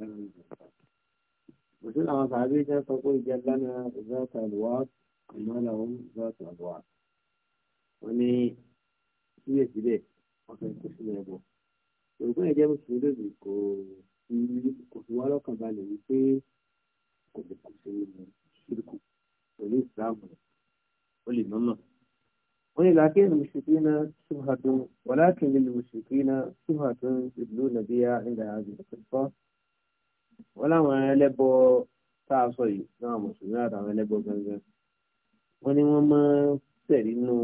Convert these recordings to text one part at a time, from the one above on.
lẹ́nu ìgbà òṣèlú àwọn sàbí jẹ́ sọ pé ìjẹ lánà zata alwa ìmọ̀lá òun zata alwa wọn ní síbẹ̀síbẹ̀ wọn fẹ́ kó sínú ẹbọ òrùkọ́ ẹ̀jẹ̀ mùsùlùmí lòdì kò kò fi wá lọ́kàn balẹ̀ wípé kò lè kó sínú ṣírkù pẹ̀lú ìsìláàmù ó lè nọ́nà. قل لكن المشركين شبهة ولكن للمشركين شبهة يدلون بها عند هذه القصة wọ́n láwọn ẹlẹ́bọ tá a sọ yìí náà mùsùlùmí àtàwọn ẹlẹ́bọ gangan wọ́n ní wọ́n máa ń tẹ̀lé nínú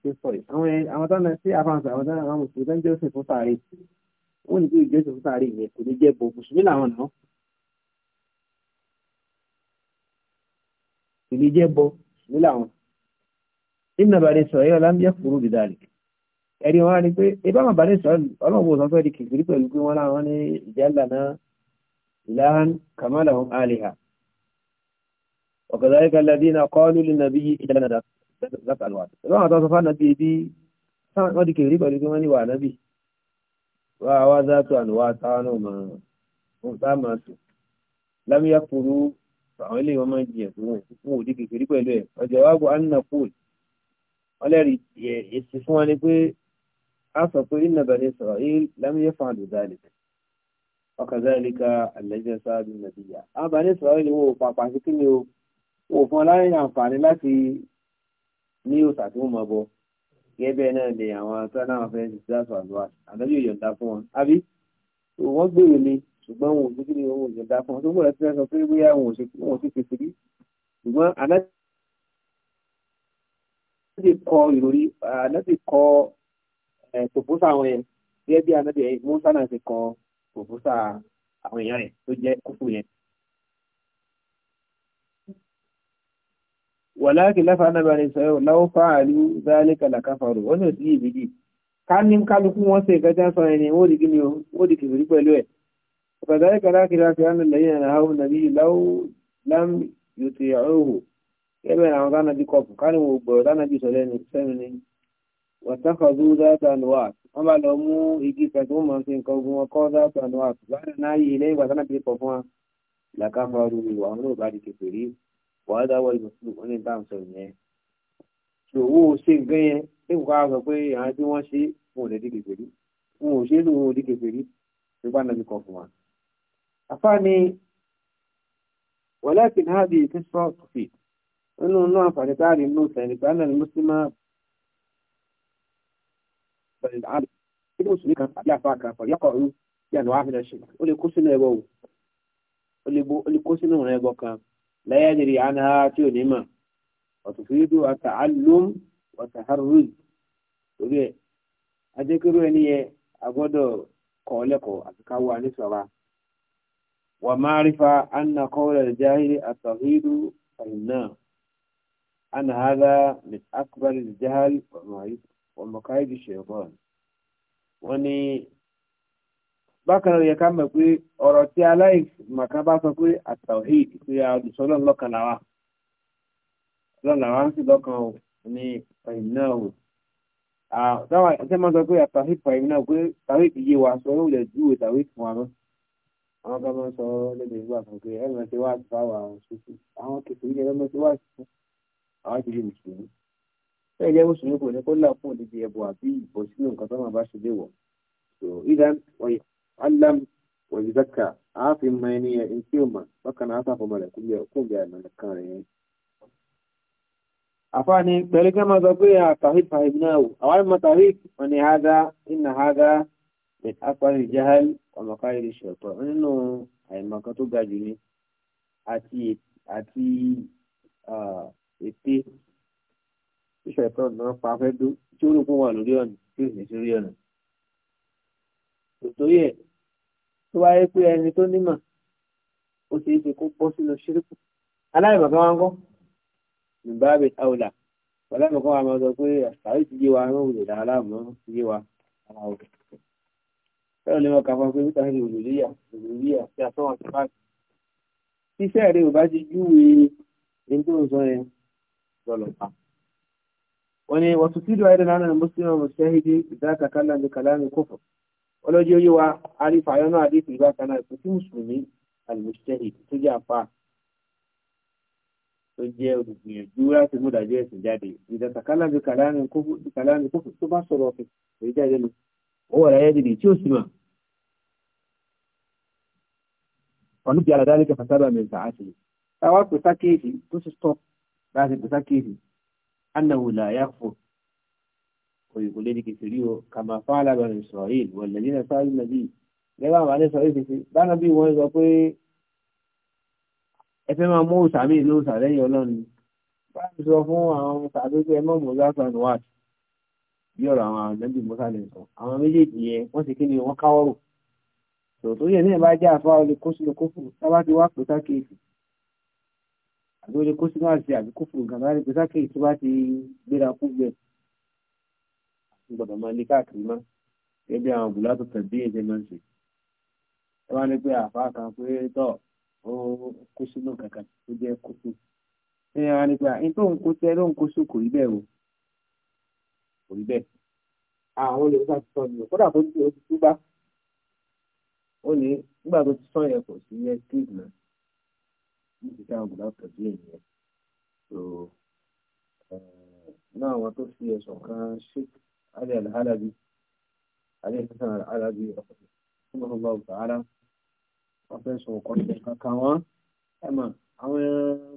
pípọ̀ yìí àwọn àwọn táwọn sí àfàǹsà àwọn táwọn àwọn mùsùlùmí tó ń jọ́sìn fún sàárè ni ní kí ìjọ́sìn fún sàárè yẹn kò ní jẹ́ bò mùsùlùmí làwọn náà kò ní jẹ́ bò mùsùlùmí làwọn nínú àbàdé sọ̀rọ̀ yóò lámúyẹ kúrú bí dáàlì ẹ̀rí wọn á ní pé ìbámu àbàdé sọ̀rọ̀ ọlọ́run إلها كما لهم آلهة وكذلك الذين قالوا للنبي إذا لنا ذات الوعد ما تصفى النبي بي ما دي كيري بل يقول وعى نبي وعى ذات تانو ما مهتمات لم يكفروا فعلي وما جيتون مو دي كيري بل وجواب أن نقول ولا يستفوني بي أصف إن بني إسرائيل لم يفعلوا ذلك ọkàzálíkà àlẹ́jẹsà nàìjíríà àbáni ìsọ̀rọ̀ ni wò pàpà sí kí ni o wò fún ọláyìn àǹfààní láti ní òòsà tí wọ́n mọ̀ bọ gẹ́gẹ́ náà ni àwọn tọ́lá àwọn fẹ́ẹ́ ti dáàtọ̀ àlùwà àdájọ́ ìyọ̀ǹda fún wọn àbí wọ́n gbèrò ni ṣùgbọ́n wọn ò sí kí ni wọn ò yọ̀ǹda fún wọn tó gbọ́dọ̀ ti sọ pé bóyá wọn ò sí kìkì sí ṣùgbọ́n anábì kọ ìròrí anábì kọ ẹ̀ tòpósà àwọn yẹn gẹ́gẹ́ bí anábì mọ́sánà ti kọ pòpósà àwọn èèyàn rẹ̀ tó jẹ́ kókó yẹn. wàláàkì láfa anábàáni sọ̀rọ̀ láwọ́ fáàlú dáálé kàlàkàfàrò ó ní òsì yìí méjì ká ní kálukú wọn ṣe ìkẹjá sọ ẹni ó di kíni ó di kìfìrí pẹ̀lú ẹ̀ ọ̀pẹ̀dáyé kàlákìlá fi hàn lẹ́yìn àná àwọn nàbí láwọ́ lám yòtì ọ̀hún kẹ́bẹ̀ àwọn tánàbí kọ̀ọ̀pù ká ní wọ́n gbọ̀rọ̀ tánàbí sọ lẹ́nu sẹ́nu ni wọ́n tẹ́kọ̀ọ́ wọ́n bá lọ mú igi pẹ̀tù mọ̀ sí nǹkan ogun wọn kọ́ dáàtọ̀ àná àtùbáyà náà yìí lẹ́yìn ìgbà tánà pípọ̀ fún wa làkà fún ọdún ìwà wọn náà bá di kẹfẹ́ rí wàá dáwọ́ ìmùsùlù wọn ní bá ń sọ ìyẹn. ṣòwò ṣe nǹkan yẹn ní kò káwọn sọ pé àwọn tí wọ́n ṣe wọn ò lè di kẹfẹ́ rí wọn ò ṣe é lò ò di kẹfẹ́ rí nígbà náà ti kọ fún wa. àfáàní wọlé ìlànà tí kò sì ní kan tàbí àfa kan pẹ̀lú ọkọ̀ ọ̀run tí àná wàá fi ṣe ó lè kó sínú ẹbọ o ó kó sínú ọ̀rọ̀ ẹbọ kan lẹ́yìn ìrì àná tí ò ní mọ̀ ọ̀tún fi dùn ọ̀tà alùm ọ̀tà harrud torí ẹ̀ adékèrú ọmọkáyéjì ṣẹ̀gbọ́n wọn ni bákan náà yẹ ká mọ̀ pé ọ̀rọ̀ tí aláìmọ̀ká bá sọ pé àtàwíì pé àdùsọ́ náà lọ́kàn làwà lọ́nà àwọn sì lọ́kàn ò ní ẹ̀yìn náà ò táwọn ẹ̀sẹ̀ máa sọ pé àtàwíì pàìmì náà pé tàwíì ti yé wa sọ ló lè júwe tàwíì fún wa mọ́ àwọn kan máa sọ lẹ́nu ìgbà kan pé ẹ̀rọ ti wá sí fáwọn àwọn kìkì ṣé ẹ̀jẹ̀ mùsùlùmí kò ní kó là fún òdìdí ẹbọ àbí ìbọ̀ sínú nǹkan tó máa bá ṣe léwọ̀ so idan wọ́n alam wọ́n zaka a fi mọ ẹni yẹn ní tí o mà bákan náà sáfọ̀ mọ̀ rẹ̀ kó bí kó bí àná kan rẹ̀ yẹn. àfààní pẹ̀lú kí wọ́n máa sọ pé àtàwíd fàhìm náà o àwọn ìmọ̀ tàwíd wọn ni hada inna hada min akwari jahal ọmọkáyé ṣètò nínú àìmọ̀ tó ga jù ní àti àti ète ìṣẹ̀lẹ̀ tó náà pa fẹ́ dó tí ó rò pé wà lórí ọ̀nà tí ò ní sí rí ọ̀nà. òtórí ẹ̀ tó wáyé pé ẹni tó nímọ̀ ó ṣe é ṣe kó bọ́ sínú ṣírípù aláìmọ̀kan wá ń kọ́ nígbà bẹ àwòlà aláìmọ̀kan wá máa sọ pé àṣàrí ti yé wa ẹ̀rọ òwúlò dáa láàmú ti yé wa ara òkè. bẹ́ẹ̀ ni wọ́n kà fún pé níta ní òlòlíyà òlòlíyà tí a sọ́wọ́n ti báàgì. tíṣẹ́ rẹ̀ ò bá ti júwe ẹni tó ń sọ yẹn lọ́lọ́pàá. وني وتفيد أيضا أن المسلم المجتهد إذا تكلم بكلام كفر ولو جي يوا عارف عيون عارف إذا كان في مسلمين المجتهد تجي أفا تجي يجورا تمودا جي سجادي إذا تكلم بكلام كفر بكلام كفر تبا صروفي ويجا يلو هو لا يدري شو سمع ونبي على ذلك فسبب من ساعته أواك بساكيتي تو ستوب لازم بساكيتي أنه لا يكفر ويقول لك كثيريو كما فعل بني إسرائيل والذين سألوا النبي lẹ́wà wà ní sọ̀rọ̀ ìfẹ́sẹ̀ bára bí wọ́n sọ pé ẹfẹ́ máa mú sàmì ìlú sàlẹ́yìn ọlọ́run bára bí sọ fún àwọn sàbí pé ẹmọ́ mọ́sá sàn wà bí ọ̀rọ̀ àwọn ànábì mọ́sá lè sọ àwọn méjèèjì yẹn wọ́n sì kí ni wọ́n káwọ́rò tòótọ́ yẹn náà bá jẹ́ àfáà olè kó tábà ti wá pè sákèèfì àbí ó lè kó sínú àṣẹ àbí kó fòrò gàmọ́ láti pé sákèyí tó bá ti gbéra kú gbẹ àti gbọdọ̀ máa lé káàkiri mọ́ gẹ́gẹ́ bí àwọn òbúlá tó tẹ̀lé ẹ̀jẹ̀ máa ń ṣe ẹ wá ní pé àfa kan pé tọ́ ó kó sínú kankan tó jẹ́ kókó ẹ wá ní pé àyín tó ń kó tẹ́ ló ń kó sóò rí bẹ́ẹ̀ o kò rí bẹ́ẹ̀ àwọn olè nígbà tó sọ ni o kódà tó ti tó bá ó ní nígbà tó ti sọ yẹn kò sí yẹn kéèkì náà níbi táwọn bùdá tọ́jú ènìyàn so eh, náà àwọn tó fi ẹ̀sùn kan sheikh ali alhalabi ali hasan alhalabi rahmatulah ta'ala wọn fẹ́ sọ ọkọ ṣe kankan wọn ẹ mọ àwọn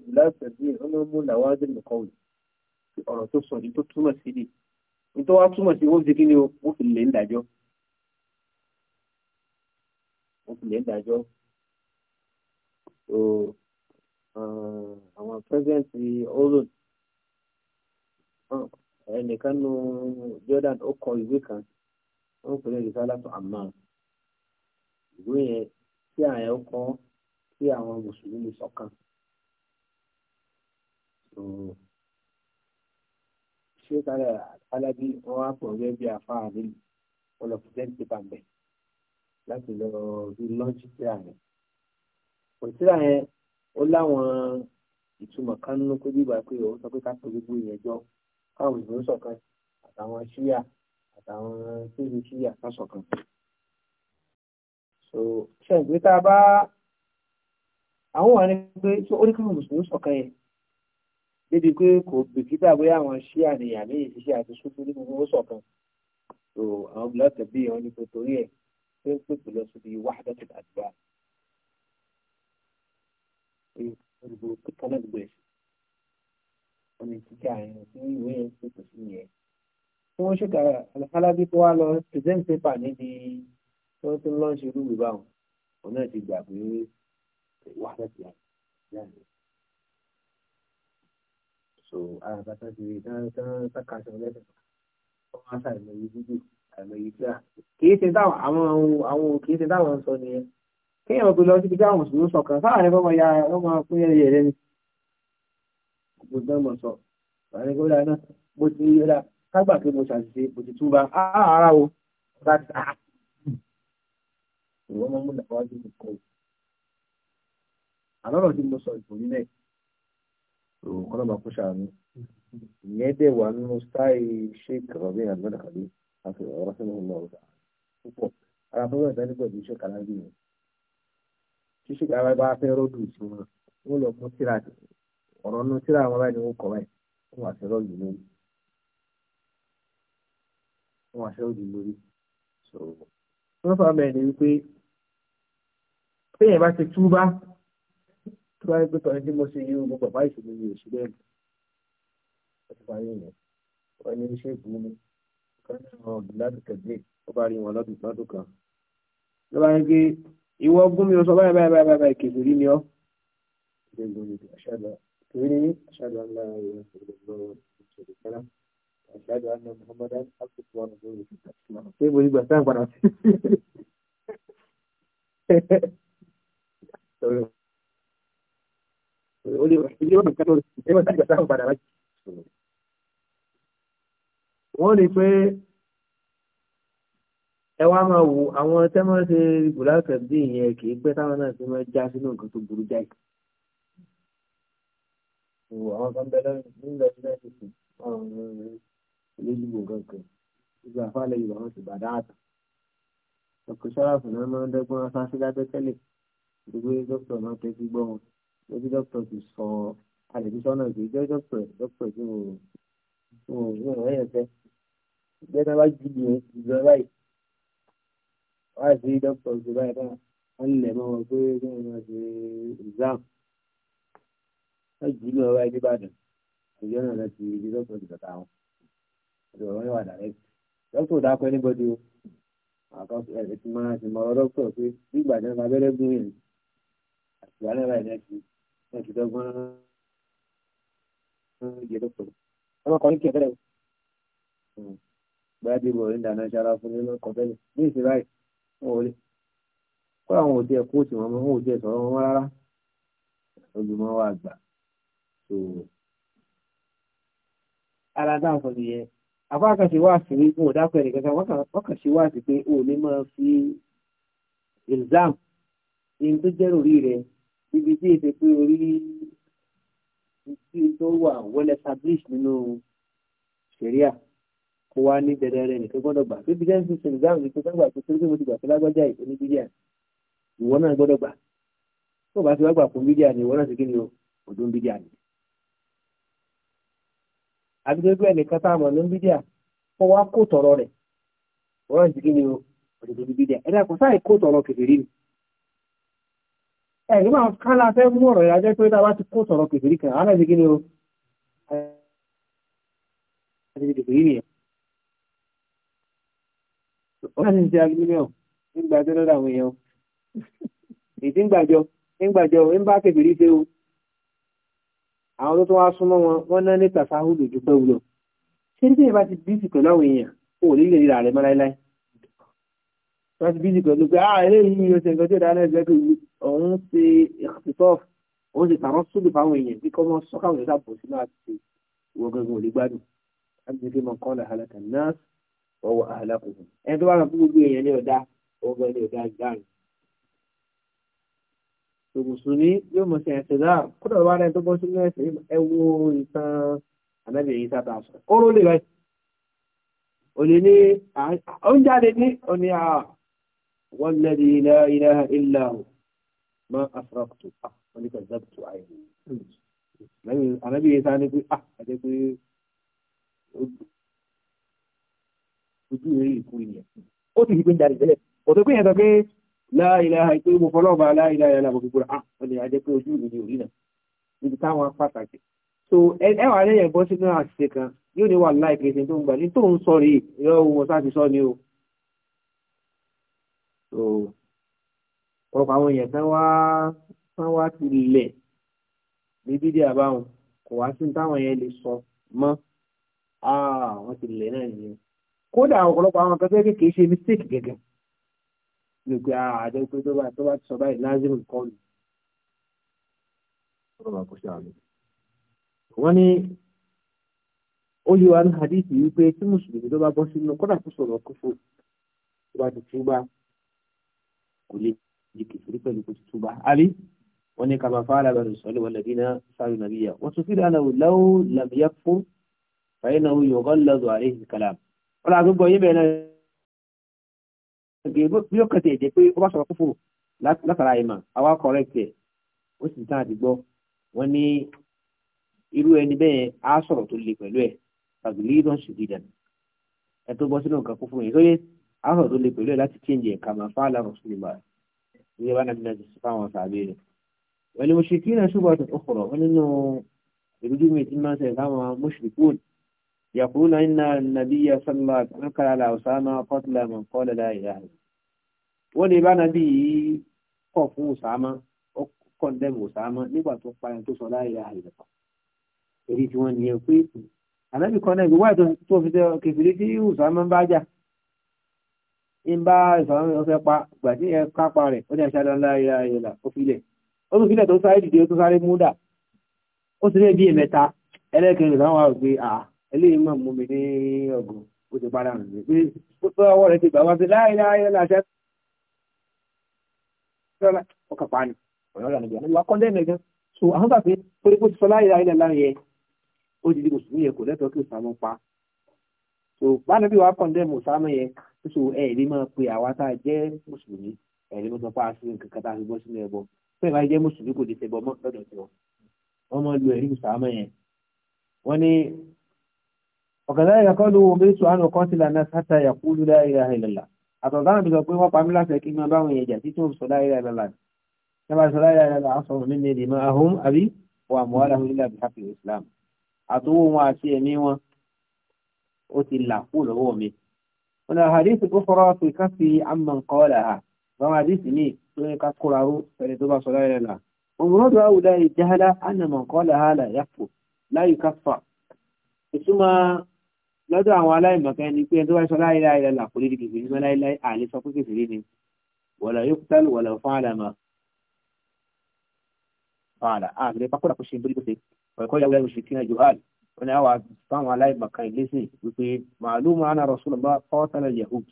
bùdá tọ́jú ènìyàn wọn mú làwọn adé nìkan wò ọ̀rọ̀ tó sọ ní tó túmọ̀ sí ni nítorí wàá túmọ̀ sí wọ́n fi kí ni wọ́n fi lè ń wọ́n fi lè ń dájọ́. Uh, àwọn president oron ẹnìkan nu Jordan ó kọ ìwé kan ó ń pèlè risalatu ammar ìwé yẹn tí àwọn ẹ̀ kọ́ tí àwọn mùsùlùmí ṣọ̀kan ṣé kálẹ̀ alábí wọn á pọ̀ gẹ́gẹ́ bí afáà nílùú wọn lọ present paper mbẹ láti lọ rí lọ́ọ̀jì tíra yẹn kò tíra yẹn ó láwọn ìtumọ̀ kan nínú pé bíbá pé òun sọ pé ká pe gbogbo èèyàn jọ káwọn ìlú ṣọ̀kan àtàwọn ṣíyà àtàwọn tóbi ṣíyà ká ṣọ̀kan. so ṣẹ́ǹgbé tá a bá àwọn wà ní pé oníkàwọn mùsùlùmí ṣọ̀kan yẹn débi pé kò bìkítà bóyá àwọn ṣíà ni àmì ìṣiṣẹ́ àti ṣùkú ní gbogbo ṣọ̀kan so àwọn bìlọ́ọ̀tẹ̀ bíi wọn ni kò torí ẹ̀ pé ń pèpè lọ síbi wahdatul adyan olùgbò kíkọ́ lẹ́gbẹ̀ẹ́ wọn ni kíkà yẹn tí ìwé yẹn ti kù sí yẹn. tí wọ́n ṣèkà alábí tó wá lọ present paper níbi tí wọ́n ti ń lọ́ọ̀ṣì irú ìwé báwọn òun náà ti gbà pé wà láti àgbẹ̀ so àbàtà ti rí tán tán sákàṣọ lẹ́sẹ̀ wọ́n máa ṣàìmọ̀ yìí dúdú àìmọ̀ yìí tí a kì í ṣe táwọn àwọn kì í ṣe táwọn sọ nìyẹn kéèyàn gbé lọ síbi táwọn mùsùlùmí sọ̀kan sáàrin fọ́mọ ya ọmọ fún yẹ́rẹ́ yẹ́rẹ́ ni gbogbo sọ láàrin gbọ́dá náà mo ti yẹra kágbà pé mo ṣàṣìṣe mo ti túbà ara o láti ta ìwọ́n mọ́ múlẹ̀ wá sí nìkan o àlọ́rọ̀ tí mo sọ ìfòrí náà òun kọ́ lọ́ba kó ṣàánú ìyẹn dẹ̀ wà nínú stáì sheik rọ̀bì àgbẹ̀dàkàlẹ̀ àti ọ̀rọ̀ sínú ọ̀rọ̀ púpọ̀ ara fọ́nrán ìdánilẹ́gbẹ̀ẹ́ ṣe kàlábì yẹn tí ṣùgbọ́n àwọn bá fẹ́ rọ́ọ̀dù ìṣòro wọn lọ mú síra ọ̀rọ̀ nù síra àwọn báyìí ni wọ́n kọ̀ báyìí wọ́n wà sí rọ́ọ̀dù lórí wọ́n wà sí rọ́ọ̀dù lórí so wọ́n fà bẹ́ẹ̀ ni wípé téèyàn bá ti túbá tó bá yẹ pé tọ́ni tí mo ṣe yí gbogbo bàbá ìṣòro yìí ò sí bẹ́ẹ̀ wọ́n ti parí ìyẹn wọ́n ní iṣẹ́ ìgbóni kan náà ọ̀gbìn ládùúgbò ó bá ìwọ gún mi ó sọ báyìí báyìí báyìí báyìí kèfèrí ni ọ́ أشهد أن لا إله إلا الله وحده لا شريك له وأشهد أن محمدا عبده ورسوله ṣé mo ní gbà sáà padà sí. ó lè ilé wọn nìkan lórí pé ẹ wá máa wo àwọn tẹ́ máa ṣe gùláṣẹ̀ bí ìyẹn kì í pẹ́ táwọn náà ti máa já sínú nǹkan tó burú jáì. Ìwò àwọn kan bẹ́ẹ̀ nílẹ̀ ní ẹ̀sìn ọ̀run ìlẹ́jìgbò kankan. Ibi àfáàlẹ̀ Yorùbá wọn ti bàdá àtà. Dr. Sharaf náà máa ń dẹ́gbọ́n aṣáṣí lábẹ́tẹ́lẹ̀. Gbogbo dókítà náà tẹ́tí gbọ́ wọn. Lójú dókítà ti sọ àlẹ́bíṣọ́nà ìgbẹ́jọ́ dókítà dókítà tí mo rò ẹ̀yẹ̀ fẹ́. Ìgbẹ́ náà bá jù mí ìgbẹ́ báyìí wá sí dókítà òṣèlú báyìí náà wọ́n lè mọ́ wọn pé kí wọ́n máa ṣe exam wọ́n jì í lọ wáyé nìbàdàn ìjọ náà láti ibi dókítà òṣèlú kàtà wọn ọ̀dọ̀ wọn wà dàrẹ́tì dókítà òdà pẹ́ níbọ̀dì o àkọsí ẹ̀ ti máa ti mọ dókítà pé nígbà náà abẹ́rẹ́ gún yẹn àti wàhálà báyìí náà ti náà ti dọ́gbọ́n ìjẹ dókítà ọmọkùnrin kẹfẹ́ rẹ̀ hmm. bóyá bí bòrí ń wọn ò rí àwọn òde ẹ̀kọ́ tí wọ́n mọ́ òde ẹ̀sọ̀rọ̀ wọn rárá olùmọ̀ wa gbà so ara náà sọ nìyẹn àbákan ṣe wá sí wípé ò dákọ̀ ẹ̀rẹ̀ kankan wọ́n kàn ṣe wá sí pé o ní máa fi exam ní tó jẹ́ orí rẹ̀ níbi tí èsè pé orí tí tó wà well established nínú sẹ̀ríà kó wá ní dandan rẹ nìkan gbọ́dọ̀ gbà bíbí jẹ́ ṣíṣe ìdáhùn ní pípẹ́ gbà tó tó tó mo ti gbà tó lágbájá yìí oníbídíà ìwọ náà gbọ́dọ̀ gbà tó bá ti wá gbà fún bídíà ni ìwọ náà ti kí ni o ọdún bídíà ni. àbíjọ́jú ẹnìkan tá a mọ̀ ní bídíà kó wá kó tọ̀rọ̀ rẹ̀ ìwọ náà ti kí ni o ọdún bídíà ẹ̀dá kò sáà kó tọ̀rọ̀ kèfèrí ni. ẹ̀rí máa kálá fẹ́ mú ọ̀rọ̀ ìrájẹ́ wọ́n sì ń ṣe aluminium nígbà tó lọ́dọ̀ àwọn èèyàn ìdí ńgbàjọ ńgbàjọ ń bá kẹfìrí ṣe o àwọn tó tún wá súnmọ́ wọn wọ́n ná ní tàṣáhùlù jù pẹ́ wúlò ṣé ní bá ti bíìsì pẹ̀lú àwọn èèyàn ò ní lè rà rẹ̀ mọ́ láíláí wọ́n ti bíìsì pẹ̀lú pé ah eléyìí oṣù nǹkan tí ó dáná ẹgbẹ́ pé òun ṣe ìṣòf òun ṣe tàwọn sódù fáwọn èèyàn bí kọ́mọ sọ́kàwọn ìṣàbò sínú àti ìwọ̀gẹ̀gùn ò lè gbádùn láti fi mọ̀ kọ́ ọwọ́ àhàlákùnkùn ẹni tó bá rán fún gbogbo èèyàn ní ọ̀dá ọgbọ́n ní ọ̀dá ìdáhùn mùsùlùmí yóò mọ̀ sí ẹ̀sẹ̀ dáa kódà wà rẹ̀ tó bọ́ sínú ẹ̀sẹ̀ ẹ wo ìtàn anábìyẹ̀yìn sábà sọ oró lè rẹ̀ òní ní oúnjáde ní òní à wọ́n lẹ́dí ilẹ̀ ilẹ̀ mọ́ afrọ́kùtù oníkà zẹ́bùtù àìrí anábìyẹ̀yìn sáà ní pé à pé ojú eré ìkú nìyẹn ó ti fi pé ń darí tẹ́lẹ̀ ọ̀tọ̀ pé yẹn sọ pé láìláha ìpé mo fọlọ́ọ̀bà láìláha ìlànà gbogbo rà ah, wọ́n lè ajẹ́ pé ojú mi ni òrí náà níbi táwọn pàtàkì so ẹwà rẹ̀ yẹn bọ́ sínú àṣìṣe kan yóò ní wà láì kìí ṣe tó ń gbà ní tó ń sọ rí ìrọ̀ ohun ọ̀sá ti sọ ni o so ọ̀pọ̀ àwọn èèyàn tán wá tán wá ti lẹ̀ ní dídí àbáwọn kò wá sí táwọn yẹn lè sọ mọ́ ah wọ́n ti lẹ̀ náà nìyẹn kódà ọ̀pọ̀lọpọ̀ àwọn kan tẹ́lẹ̀ kìí ṣe mistake gẹ́gẹ́ lè pe ah, àjọ pé tó bá tó bá ti sọ báyìí lázìmù kọ́ ni. wọ́n ní ó yí wa ní hadith yìí pé tí mùsùlùmí tó bá bọ́ sínú kódà tó sọ̀rọ̀ kófò tó bá ti túbà kò lè di kìfìrí pẹ̀lú kó ti túbà. àbí wọ́n ní kàmá fáwọn alábẹ̀rẹ̀ sọ́lé wọlé bí náà sáré nàbíyà wọ́n tún fi dáná wò láwù làmìyà fún fàyínà wò yọ̀gọ́ lọ́dọ̀ àríhìn kàlámù ọ̀rọ̀ àgbègbè ọ̀yẹ́ bẹ̀rẹ̀ bí ó kẹ̀tẹ̀ jẹ́ pé ó bá sọ̀rọ̀ fúfurù látara ìmọ̀ àwa correct ẹ̀ ó sì tán àti gbọ́ wọ́n ní irú ẹni bẹ́ẹ̀ á sọ̀rọ̀ tó le pẹ̀lú ẹ̀ tàbí lídọ̀n sì dìdà ẹ tó bọ́ sínú nǹkan fúfurù yìí sóyè á sọ̀rọ̀ tó le pẹ̀lú ẹ̀ láti change ẹ̀ kàmá fáàlà rọ̀ṣùlùmọ̀ ìyẹ́ bá nàbí náà ti sọ fáwọn sàbẹ̀ rẹ̀ wẹ̀lẹ̀ mọ̀ṣẹ̀kí náà ṣùgbọ́n ọ̀tọ̀ ọ̀kọ̀rọ̀ wọn nínú ìrújú mi ti máa يقول إن النبي صلى الله عليه وسلم قال على أسامة قتل من قال لا إله إلا wọ́n ní bá nàbí yìí kọ̀ fún Usama ó kọ̀ndẹ́mù Usama nígbà tó payàn tó sọ láàyè àìlẹ́pà èyí tí wọ́n nìyẹn pé ànábì kan náà ìgbéwáyé tó fi kẹfìrí tí Usama ń bá jà ń bá Usama ọfẹ́ pa ìgbà tí ẹ kápá rẹ̀ ó ní aṣáájú láàyè àìlẹ́là ó filẹ̀ ó tún filẹ̀ tó sáré dìde ó tún sáré múdà ó sì rẹ̀ bí ẹ̀mẹ́ta ẹlẹ́kẹrin ìsáwọn àwọn ògbé àá eléyìí mọ̀ mú mi ní ọgọ̀ ó ti padà nù pé ó tó ọwọ́ rẹ̀ ti gbà wá sí láìláì láṣẹ ọkàn pa ni ọ̀yọ́ rẹ̀ nìyẹn wà kọ́ndé nìkan so àwọn gbà pé pé kó ti sọ láìláì láìláì yẹn ó di kò sùn yẹn kò lẹ́tọ̀ọ́ kí òsàmù pa so báyìí bí wàá kọ́ndé mùsàmù yẹn so ẹ̀ rí máa pe àwa tá a jẹ́ mùsùlùmí ẹ̀ rí mọ́tò pa á sí nǹkan kan tá a fi bọ́ sínú ẹbọ fẹ́ẹ̀ bá jẹ́ mùsùlùmí kò lè ṣẹbọ mọ́ lọ́dọ̀ tiwọn wọ́n mọ́ lu ẹ̀rí mùsàmù yẹn wọ́n ní وكذلك قالوا أمرت أن أقاتل الناس حتى يقولوا لا إله إلا الله أتظن بتقويم وقام الله في كلمة باهم يجاتيتهم صلاة إله إلا الله كما صلاة إله إلا الله عصر مني دماءهم أبي وأموالهم إلا بحق الإسلام أتوه ما أتيمي أتي الله قول أومي هنا حديث أخرى في كفي عمن قالها وما حديث مي توني كقرأه فلتبع صلاة إله إلا الله ومراد هؤلاء الجهلة أن من قالها لا يكفر لا يكفر ثم lọ́dọ̀ àwọn aláìmọ̀kan ni pé ẹni tó bá sọ láyé láyé lọ́la kò lè di kìkì nígbà láyé láyé àlè sọ pé kìkì ni wọ̀lọ̀ yóò tẹ́lẹ̀ wọ̀lọ̀ fún àlàmà fàlà àgbẹ̀ pákóra kò ṣe nítorí pèsè ọ̀ẹ̀kọ́ yàwó yàwó ṣìkì náà johan wọn ni àwọn àtàwọn aláìmọ̀kan ìlẹ́sìn wípé màálù máa ń rọ sọlọ bá kọ́tàlẹ̀ yahud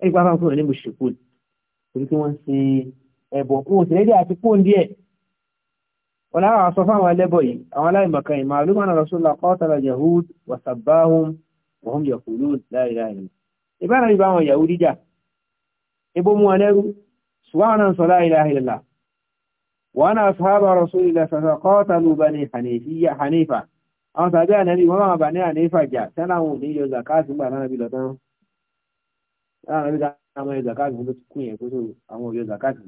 ẹni pàápàá fún ẹni mùsùlùmí torí kí wọ́n ṣe wọ́n yẹ kó lóòrùn láìláì lọ. ìbára ìbá wọn yàwó díjà ibo mú wọn lẹ́rú ṣùgbọ́n náà sọ láìláì lọ. wọ́n náà sábà rọ̀sùn ilẹ̀ sọ̀sọ̀ kọ́ta ló bá ní hanifa àwọn sàbí ànẹ́bí wọ́n máa bà ní hanifa jà tẹ́lá wọn ò ní yọ zakati gbà náà bí lọ tán. tẹ́lá wọn bí dáhùn yọ zakati fún tó kún tó àwọn yọ zakati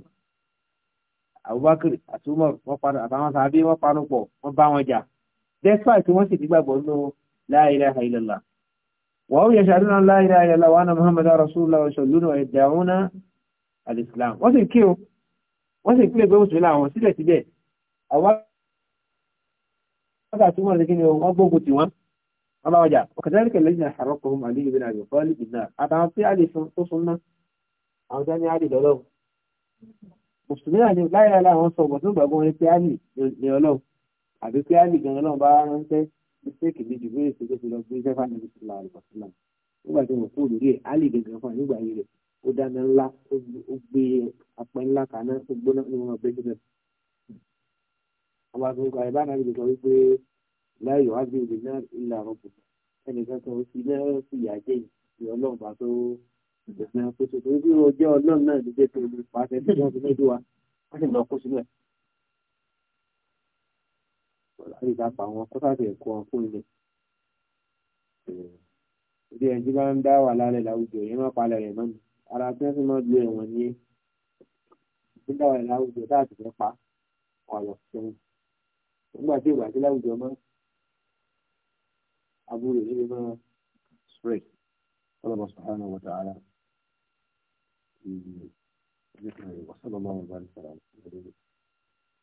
wọ́n yẹ ṣàdúnà láìlá ìyàlá wà náà muhammad rasulullah ṣọlúnà ìdáhùnà alìsìláàmù wọ́n sì kí o wọ́n sì kílẹ̀ pé mùsùlùmí àwọn síbẹ̀síbẹ̀ àwọn àtúmọ̀ lè kí ni wọ́n gbógun tì wọ́n wọ́n bá wọn jà ọ̀kadàrí kẹlẹ́ ìjìnà àrọ́kùnrin àlè ìbínà àbí fọ́ọ̀lì ìbínà àtàwọn tí a lè tó súnmọ́ àwọn tí a ní a lè lọ́lọ́ mùsùlùmí àti láìláìlá àwọn sọ̀gbọ̀n tó gbàgbọ́ wọn ní pé a lè lọ́lọ́ àbí pé a lè gan-an bá ránṣẹ́ mistake méjì bóyá ìṣèjọ́ ti lọ gbé sẹ́fà níbi tí la àlùbọ̀ sílẹ̀ nígbà tí mo kú lórí ẹ̀ á lè gẹ̀gẹ̀ fún àyígbà yìí rẹ̀ ó dáná ńlá ó gbé apẹ́ ńlá kaná ó gbóná ní wọn bẹ́ẹ̀ bẹ́ẹ̀. àwọn àgbẹ̀wò kan ìbáná mi lè sọ wípé láyọ̀ á gbé òde náà ilẹ̀ àwọn kò ẹnìkan kan ó fi náà fi ìyà jẹ́ ìṣe ọlọ́run bá tó ìgbẹ̀sán tó tó torí bí ọjọ́ ọlọ́run náà ló jẹ́ pé olùpàṣẹ tó wọ́n fi ní lè bá pa wọn kó sáfì ẹ̀kọ́ wọn fún ilẹ̀ ìdí ẹni tí bá ń dá wà lálẹ́ láwùjọ yẹn má palẹ̀ rẹ̀ mọ́ni ara tí wọ́n sì máa lo ẹ̀wọ̀n ní tí dá wà láwùjọ tá àti pa wọn lọ nígbà tí ìgbà tí láwùjọ máa aburú yìí máa spread ọlọ́mọ sọ̀hánà wọ̀tà ara. وصلى الله وبارك على محمد وعلى اله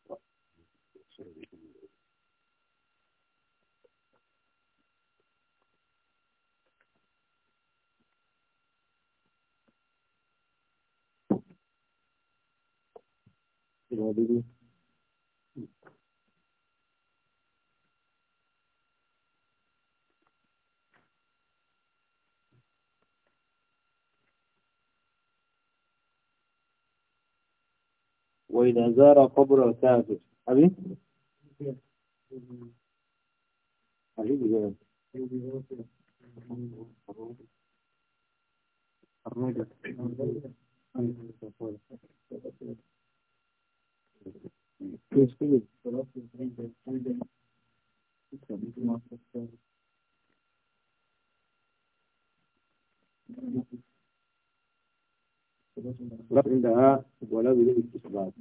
وصحبه وإذا زار قبر الكافر حبيب حبيبي Basically, for us to bring them, bring them, it's a bit more successful. رفعها ولا بدون استقبال.